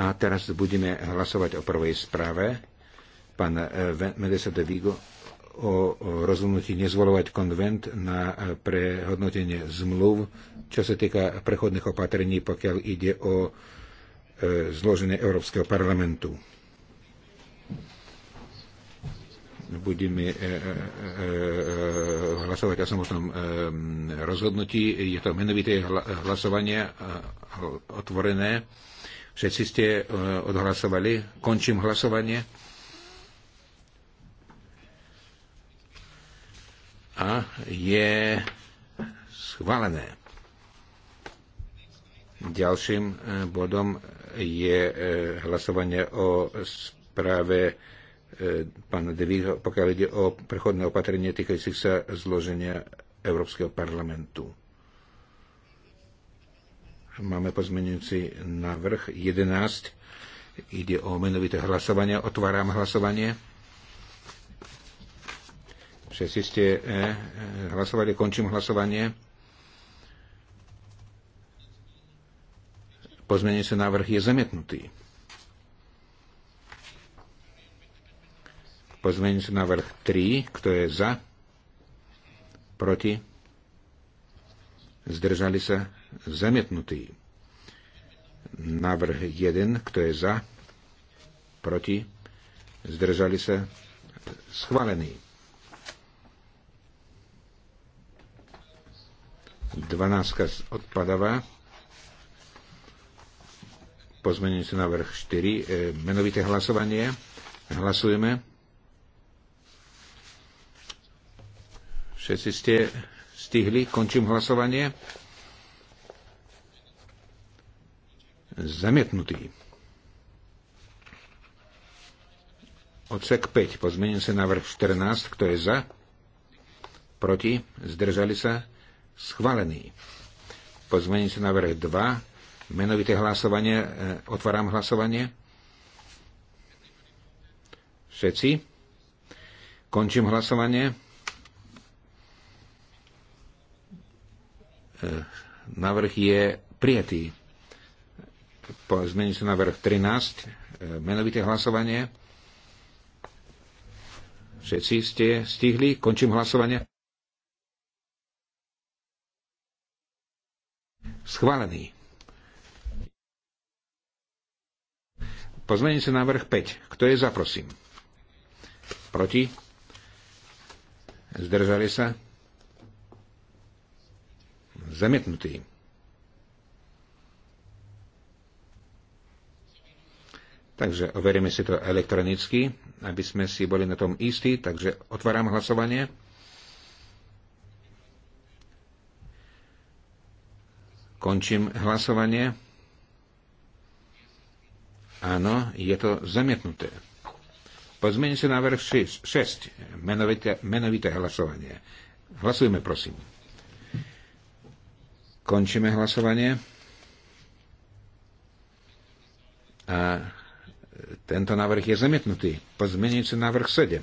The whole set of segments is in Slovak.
A teraz budeme hlasovať o prvej správe. Pán eh, Medesa de Vigo o rozhodnutí nezvolovať konvent na eh, prehodnotenie zmluv, čo sa týka prechodných opatrení, pokiaľ ide o eh, zloženie Európskeho parlamentu. Budeme hlasovať o samotnom rozhodnutí. Je to menovité hlasovanie otvorené. Všetci ste e, odhlasovali. Končím hlasovanie. A je schválené. Ďalším e, bodom je e, hlasovanie o správe pána Devího, pokiaľ ide o prechodné opatrenie týkajúcich sa zloženia Európskeho parlamentu. Máme pozmenujúci návrh 11. Ide o menovité hlasovanie. Otváram hlasovanie. Všetci ste eh, eh, hlasovali. Končím hlasovanie. Pozmenujúci návrh je zamietnutý. Pozmenujúci návrh 3. Kto je za? Proti? zdržali sa, zamietnutí. Návrh 1, kto je za, proti, zdržali sa, schválení. 12 odpadáva. na vrch 4, menovité hlasovanie. Hlasujeme. Všetci ste stihli. Končím hlasovanie. Zamietnutý. Odsek 5. Pozmením sa návrh 14. Kto je za? Proti? Zdržali sa? Schválený. Pozmením sa návrh 2. Menovité hlasovanie. E, otváram hlasovanie. Všetci? Končím hlasovanie. E, návrh je prijatý. Po sa návrh 13, e, menovité hlasovanie. Všetci ste stihli, končím hlasovanie. Schválený. Pozmením sa návrh 5. Kto je za, prosím? Proti? Zdržali sa? zamietnutý. Takže overíme si to elektronicky, aby sme si boli na tom istí. Takže otváram hlasovanie. Končím hlasovanie. Áno, je to zamietnuté. Pozmeni si návrh 6. Menovité, menovité hlasovanie. Hlasujeme, prosím. Končíme hlasovanie. A tento návrh je zamietnutý. sa návrh 7.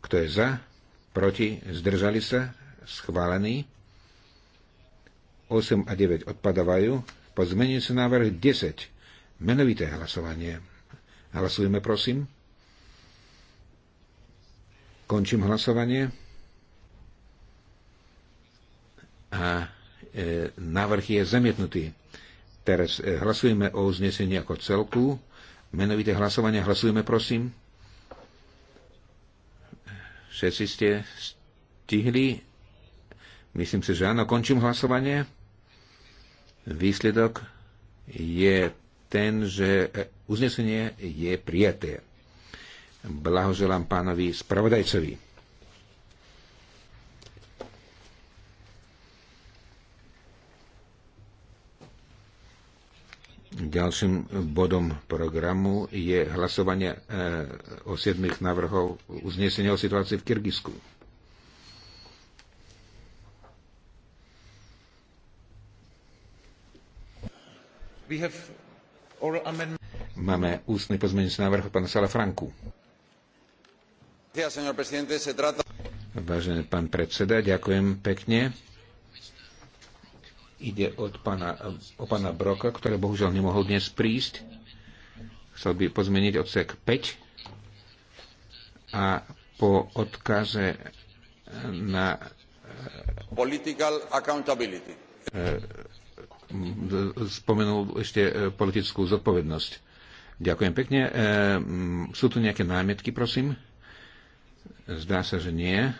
Kto je za? Proti? Zdržali sa? Schválený. 8 a 9 odpadávajú. sa návrh 10. Menovité hlasovanie. Hlasujeme, prosím. Končím hlasovanie. a e, návrh je zamietnutý. Teraz e, hlasujeme o uznesení ako celku. Menovité hlasovanie hlasujeme, prosím. Všetci ste stihli. Myslím si, že áno. Končím hlasovanie. Výsledok je ten, že e, uznesenie je prijaté. Blahoželám pánovi spravodajcovi. Ďalším bodom programu je hlasovanie e, o siedmých návrhov uznesenia o situácii v Kyrgyzsku. Máme ústny pozmeňujúci návrh pána Sala Franku. Vážený pán predseda, ďakujem pekne Ide od pana o pana Broka, ktoré bohužiaľ nemohol dnes prísť. Chcel by pozmeniť odsek 5 a po odkaze na eh, political accountability. Eh, spomenul ešte eh, politickú zodpovednosť. Ďakujem pekne. Sú tu nejaké námietky, prosím? Zdá sa, že nie.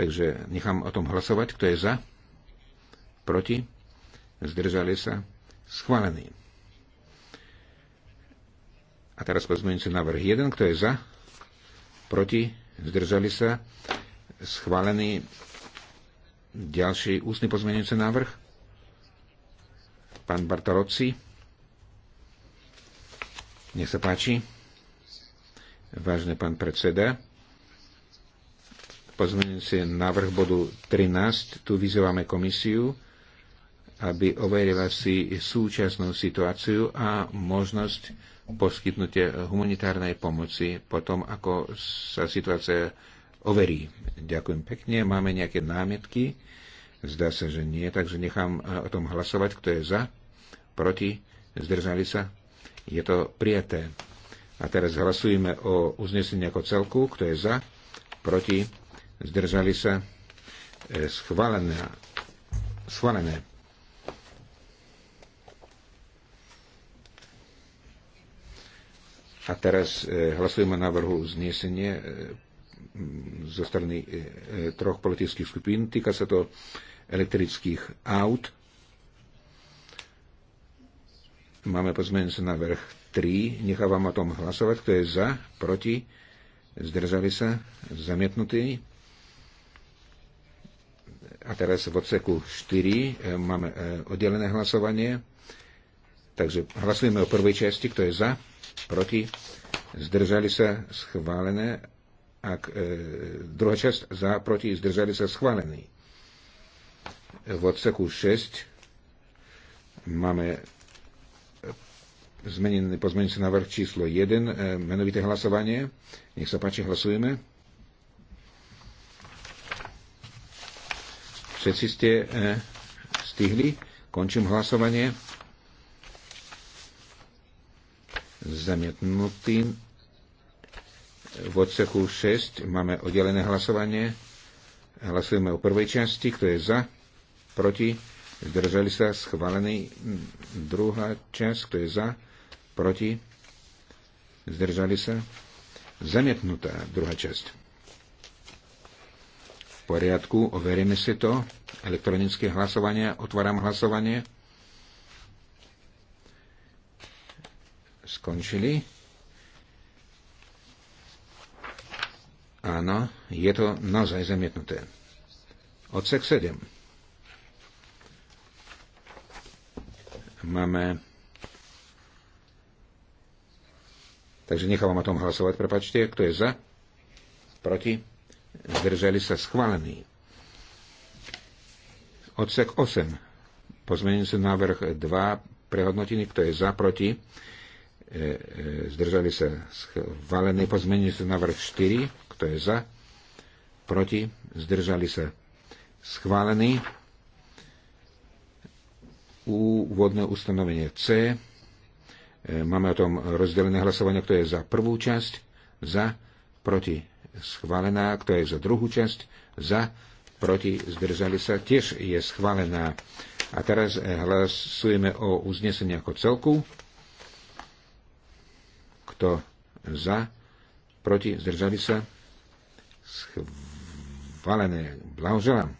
Takže nechám o tom hlasovať. Kto je za? Proti? Zdržali sa? Schválený. A teraz pozmeňujúci návrh 1. Kto je za? Proti? Zdržali sa? Schválený ďalší ústny pozmeňujúci návrh. Pán Bartalocci. Nech sa páči. Vážne pán predseda pozmeňujúci návrh bodu 13. Tu vyzývame komisiu, aby overila si súčasnú situáciu a možnosť poskytnutia humanitárnej pomoci potom, ako sa situácia overí. Ďakujem pekne. Máme nejaké námietky? Zdá sa, že nie, takže nechám eh, o tom hlasovať. Kto je za? Proti? Zdržali sa? Je to prijaté. A teraz hlasujeme o uznesení ako celku. Kto je za? Proti? zdržali sa, e, schválené. schválené. A teraz e, hlasujeme o návrhu znesenie e, zo strany troch politických skupín. Týka sa to elektrických aut. Máme pozmeňujúci návrh 3. Nechávam o tom hlasovať. Kto je za, proti, zdržali sa, zamietnutý. A teraz v odseku 4 e, máme e, oddelené hlasovanie. Takže hlasujeme o prvej časti, kto je za, proti, zdržali sa schválené, ak e, druhá časť za, proti, zdržali sa schválený. V odseku 6 máme e, zmenený pozmeňujúci návrh číslo 1, e, menovité hlasovanie. Nech sa páči, hlasujeme. Všetci ste e, stihli. Končím hlasovanie. Zamietnutý. V odseku 6 máme oddelené hlasovanie. Hlasujeme o prvej časti, kto je za, proti, zdržali sa, schválený. Druhá časť, kto je za, proti, zdržali sa, zamietnutá druhá časť poriadku, overíme si to. Elektronické hlasovanie, otváram hlasovanie. Skončili. Áno, je to naozaj zamietnuté. Odsek 7. Máme Takže nechávam o tom hlasovať, prepačte. Kto je za? Proti? zdržali sa schválený. Odsek 8, e, e, sa návrh 2, Prehodnotiny. kto je za, proti, zdržali sa schválený. sa návrh 4, kto je za, proti, zdržali sa schválený. Úvodné ustanovenie C. E, máme o tom rozdelené hlasovanie, kto je za prvú časť, za, proti, schválená. Kto je za druhú časť? Za, proti, zdržali sa, tiež je schválená. A teraz eh, hlasujeme o uznesení ako celku. Kto za, proti, zdržali sa, schválené. Blahoželám.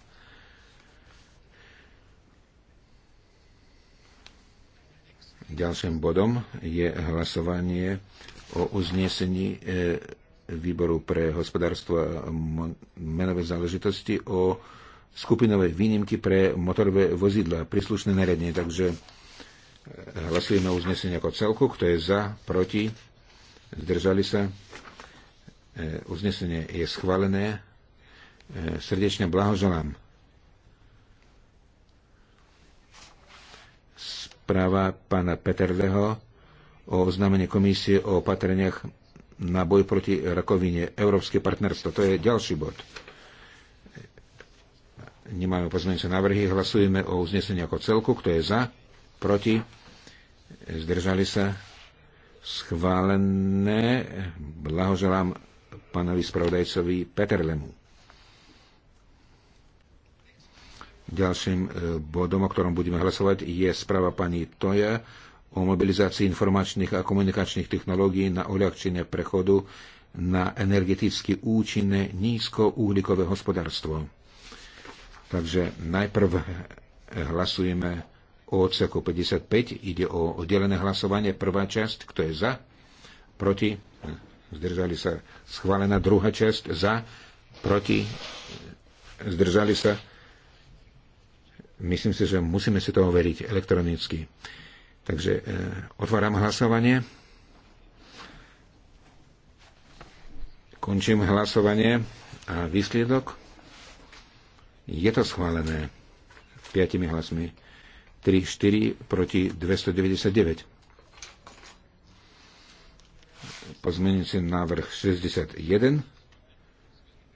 Ďalším bodom je hlasovanie o uznesení e, výboru pre hospodárstvo a menové záležitosti o skupinové výnimky pre motorové vozidla, príslušné nariadenie. Takže e, hlasujeme o uznesení ako celku. Kto je za, proti, zdržali sa. E, uznesenie je schválené. E, srdečne blahoželám. Správa pána Peterleho o oznámení komisie o opatreniach na boj proti rakovine. Európske partnerstvo, to je ďalší bod. Nemáme pozmeňujúce návrhy, hlasujeme o uznesení ako celku, kto je za, proti, zdržali sa, schválené. Blahoželám pánovi spravodajcovi Peterlemu. Ďalším eh, bodom, o ktorom budeme hlasovať, je správa pani Toja o mobilizácii informačných a komunikačných technológií na uľahčenie prechodu na energeticky účinné nízkouhlíkové hospodárstvo. Takže najprv hlasujeme o odseku 55, ide o oddelené hlasovanie, prvá časť, kto je za, proti, zdržali sa, schválená druhá časť, za, proti, zdržali sa, myslím si, že musíme si to overiť elektronicky. Takže e, otváram hlasovanie. Končím hlasovanie a výsledok je to schválené 5 hlasmi 3, 4 proti 299. Pozmenujúci návrh 61.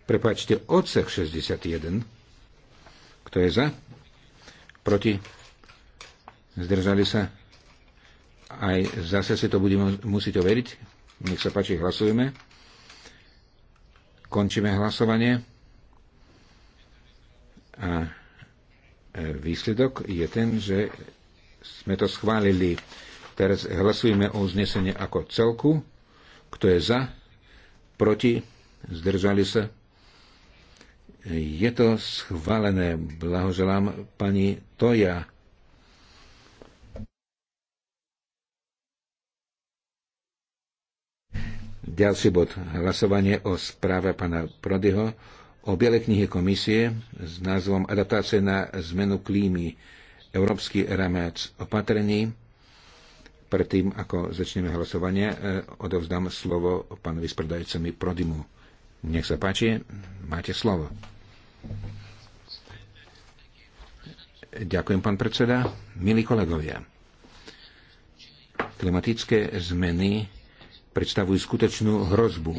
Prepačte, odsek 61. Kto je za? Proti? Zdržali sa? Aj zase si to budeme musieť overiť. Nech sa páči, hlasujeme. Končíme hlasovanie. A e, výsledok je ten, že sme to schválili. Teraz hlasujeme o uznesenie ako celku. Kto je za? Proti? Zdržali sa? Je to schválené. Blahoželám pani Toja. Ďalší bod. Hlasovanie o správe pana Prodyho o Bielej knihe komisie s názvom Adaptácie na zmenu klímy. Európsky rámec opatrení. Predtým, ako začneme hlasovanie, e, odovzdám slovo pánovi spredajcovi Prodimu. Nech sa páči, máte slovo. Ďakujem, pán predseda. Milí kolegovia, klimatické zmeny predstavujú skutočnú hrozbu.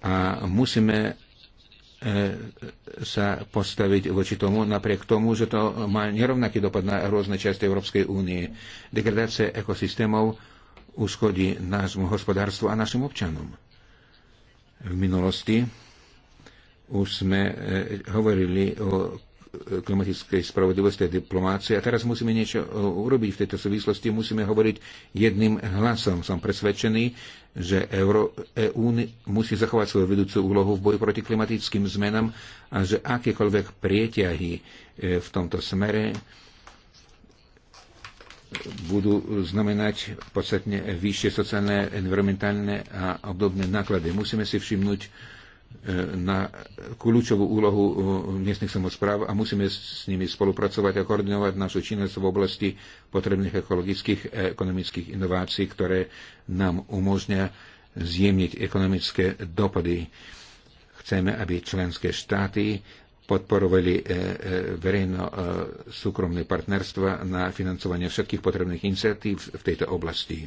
A musíme e, sa postaviť voči tomu, napriek tomu, že to má nerovnaký dopad na rôzne časti Európskej únie. Degradácia ekosystémov uškodí nášmu hospodárstvu a našim občanom. V minulosti už sme e, hovorili o klimatickej spravodlivosti a diplomácie. A teraz musíme niečo e, urobiť v tejto súvislosti. Musíme hovoriť jedným hlasom. Som presvedčený, že Euro, EÚ musí zachovať svoju vedúcu úlohu v boji proti klimatickým zmenám a že akékoľvek prieťahy e, v tomto smere budú znamenať podstatne vyššie sociálne, environmentálne a obdobné náklady. Musíme si všimnúť na kľúčovú úlohu e, miestnych samozpráv a musíme s nimi spolupracovať a koordinovať našu činnosť v oblasti potrebných ekologických a ekonomických inovácií, ktoré nám umožňa zjemniť ekonomické dopady. Chceme, aby členské štáty podporovali e, e, verejno-súkromné partnerstva na financovanie všetkých potrebných iniciatív v tejto oblasti.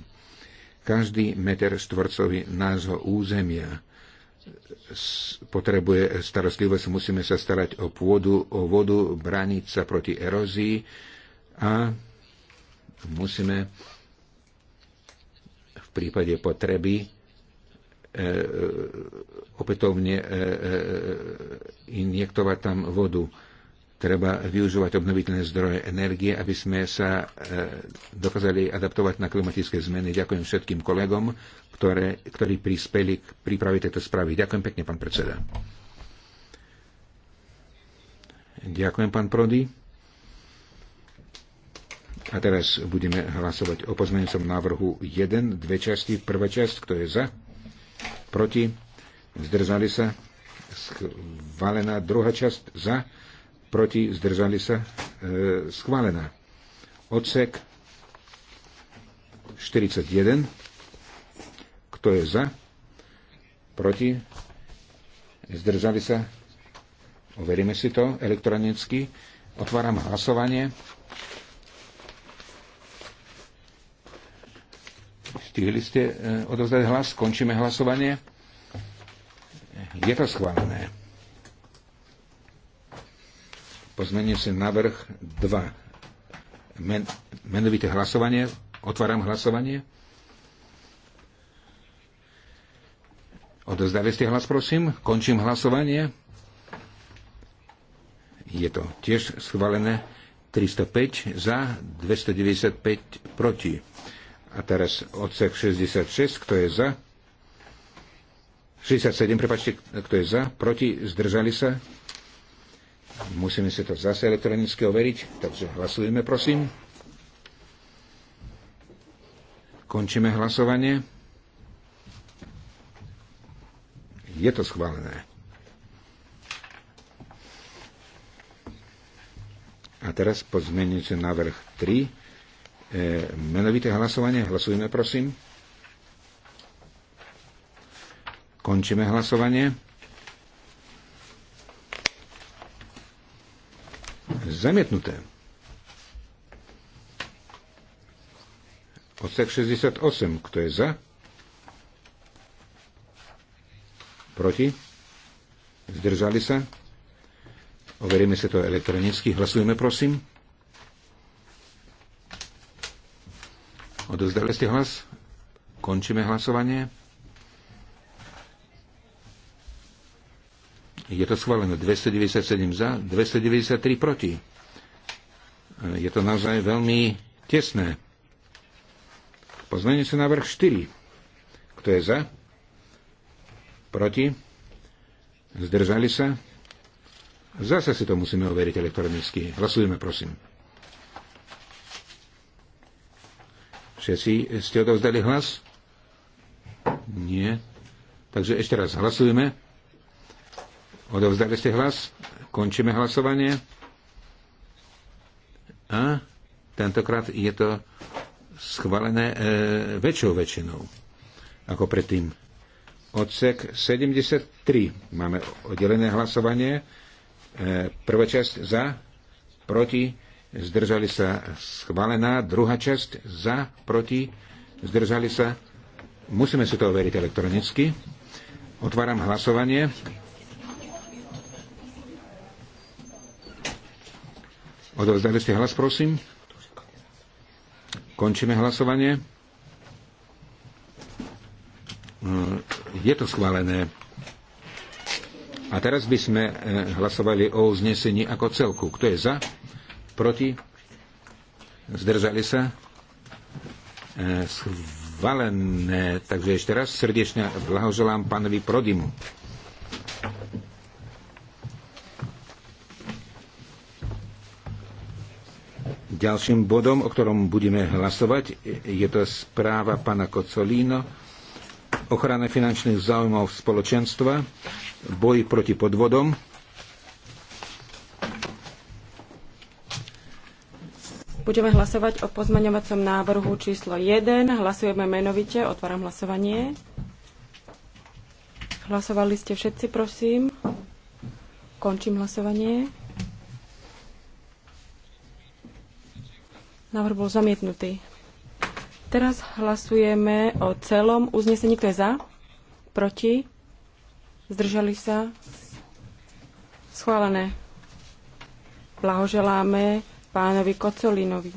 Každý meter štvorcový nášho územia potrebuje starostlivosť, musíme sa starať o pôdu, o vodu, brániť sa proti erózii a musíme v prípade potreby e, e, opätovne e, injektovať tam vodu Treba využívať obnoviteľné zdroje energie, aby sme sa e, dokázali adaptovať na klimatické zmeny. Ďakujem všetkým kolegom, ktoré, ktorí prispeli k príprave tejto správy. Ďakujem pekne, pán predseda. Ďakujem, pán Prody. A teraz budeme hlasovať o pozmeňujúcom návrhu 1, dve časti. Prvá časť, kto je za, proti, zdržali sa, schválená druhá časť za, proti, zdržali sa, e, schválená. Odsek 41, kto je za, proti, zdržali sa, overíme si to elektronicky, otváram hlasovanie. Stihli ste e, odovzdať hlas, končíme hlasovanie. Je to schválené. Pozmenujúci navrh 2. Men, menovité hlasovanie. Otváram hlasovanie. Odozdali ste hlas, prosím. Končím hlasovanie. Je to tiež schválené 305 za, 295 proti. A teraz odsek 66, kto je za? 67, prepačte, kto je za? Proti, zdržali sa? Musíme si to zase elektronicky overiť, takže hlasujeme, prosím. Končíme hlasovanie. Je to schválené. A teraz pozmenujúci návrh 3. E, menovité hlasovanie. Hlasujeme, prosím. Končíme hlasovanie. zamietnuté. Odsek 68. Kto je za? Proti? Zdržali sa? Overíme si to elektronicky. Hlasujeme, prosím. Odozdali ste hlas? Končíme hlasovanie. Je to schválené 297 za, 293 proti. Je to naozaj veľmi tesné. Poznanie sa návrh 4. Kto je za? Proti? Zdržali sa? Zase si to musíme overiť elektronicky. Hlasujeme, prosím. Všetci ste odovzdali hlas? Nie. Takže ešte raz hlasujeme. Odovzdali ste hlas? Končíme hlasovanie. A tentokrát je to schválené e, väčšou väčšinou ako predtým. Odsek 73. Máme oddelené hlasovanie. E, prvá časť za, proti, zdržali sa schválená. Druhá časť za, proti, zdržali sa. Musíme si to overiť elektronicky. Otváram hlasovanie. Odovzdali ste hlas, prosím? Končíme hlasovanie. Je to schválené. A teraz by sme eh, hlasovali o uznesení ako celku. Kto je za? Proti? Zdržali sa? Eh, schválené. Takže ešte raz srdečne blahoželám pánovi Prodimu. Ďalším bodom, o ktorom budeme hlasovať, je to správa pana Kocolíno, ochrana finančných záujmov spoločenstva, boj proti podvodom. Budeme hlasovať o pozmaňovacom návrhu číslo 1. Hlasujeme menovite. Otváram hlasovanie. Hlasovali ste všetci, prosím. Končím hlasovanie. Návrh bol zamietnutý. Teraz hlasujeme o celom uznesení. Kto je za? Proti? Zdržali sa? Schválené. Blahoželáme pánovi Kocolinovi.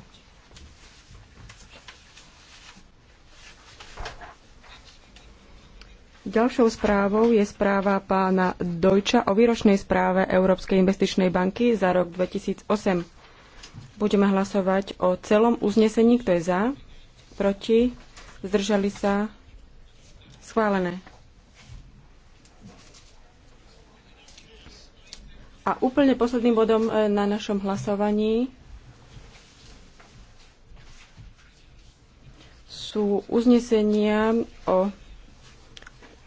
Ďalšou správou je správa pána Dojča o výročnej správe Európskej investičnej banky za rok 2008. Budeme hlasovať o celom uznesení, kto je za, proti, zdržali sa, schválené. A úplne posledným bodom e, na našom hlasovaní sú uznesenia o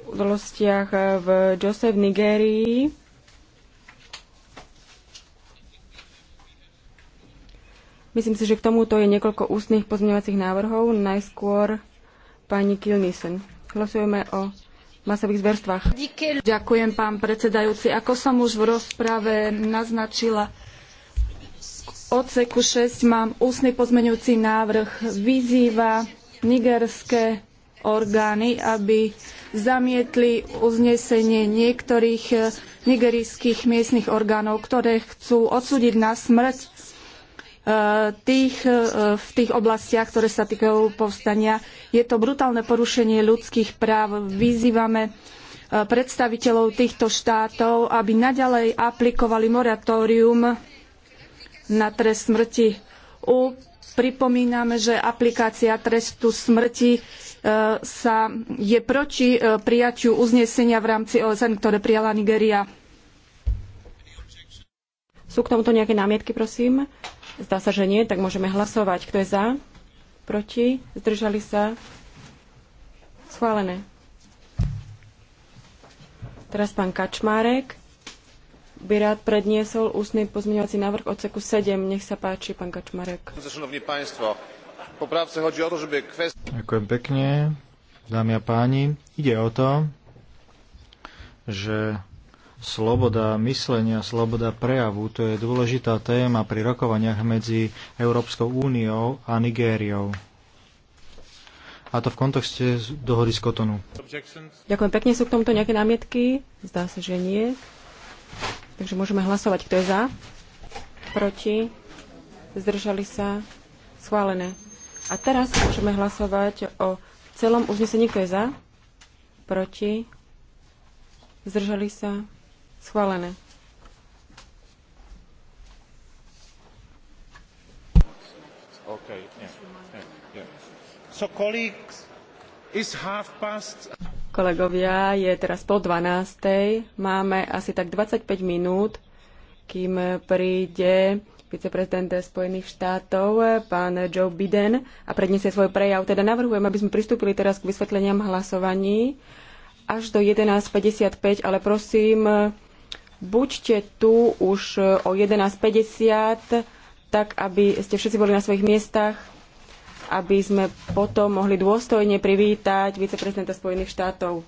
udalostiach e, v Jose v Nigérii. Myslím si, že k tomuto je niekoľko ústnych pozmeňovacích návrhov. Najskôr pani Kilnisen. Hlasujeme o masových zverstvách. Ďakujem, pán predsedajúci. Ako som už v rozprave naznačila, odseku 6 mám ústny pozmeňujúci návrh. Vyzýva nigerské orgány, aby zamietli uznesenie niektorých nigerijských miestnych orgánov, ktoré chcú odsúdiť na smrť tých, e, v tých oblastiach, ktoré sa týkajú povstania. Je to brutálne porušenie ľudských práv. Vyzývame e, predstaviteľov týchto štátov, aby naďalej aplikovali moratórium na trest smrti. U, pripomíname, že aplikácia trestu smrti e, sa je proti prijatiu uznesenia v rámci OSN, ktoré prijala Nigéria. Sú k tomuto nejaké námietky, prosím? Zdá sa, že nie, tak môžeme hlasovať. Kto je za? Proti? Zdržali sa? Schválené. Teraz pán Kačmárek by rád predniesol ústny pozmeňovací návrh odseku 7. Nech sa páči, pán Kačmarek. Ďakujem pekne, dámy a páni. Ide o to, že sloboda myslenia, sloboda prejavu, to je dôležitá téma pri rokovaniach medzi Európskou úniou a Nigériou. A to v kontexte dohody z Kotonu. Ďakujem pekne. Sú k tomuto nejaké námietky? Zdá sa, že nie. Takže môžeme hlasovať. Kto je za? Proti? Zdržali sa? Schválené. A teraz môžeme hlasovať o celom uznesení. Kto je za? Proti? Zdržali sa? Schválené. yeah, yeah, So colleagues, half past... Kolegovia, je teraz po dvanástej, Máme asi tak 25 minút, kým príde viceprezident Spojených štátov, pán Joe Biden, a predniesie svoj prejav. Teda navrhujem, aby sme pristúpili teraz k vysvetleniam hlasovaní až do 11.55, ale prosím, buďte tu už eh, o 11.50, tak aby ste všetci boli na svojich miestach, aby sme potom mohli dôstojne privítať viceprezidenta Spojených štátov.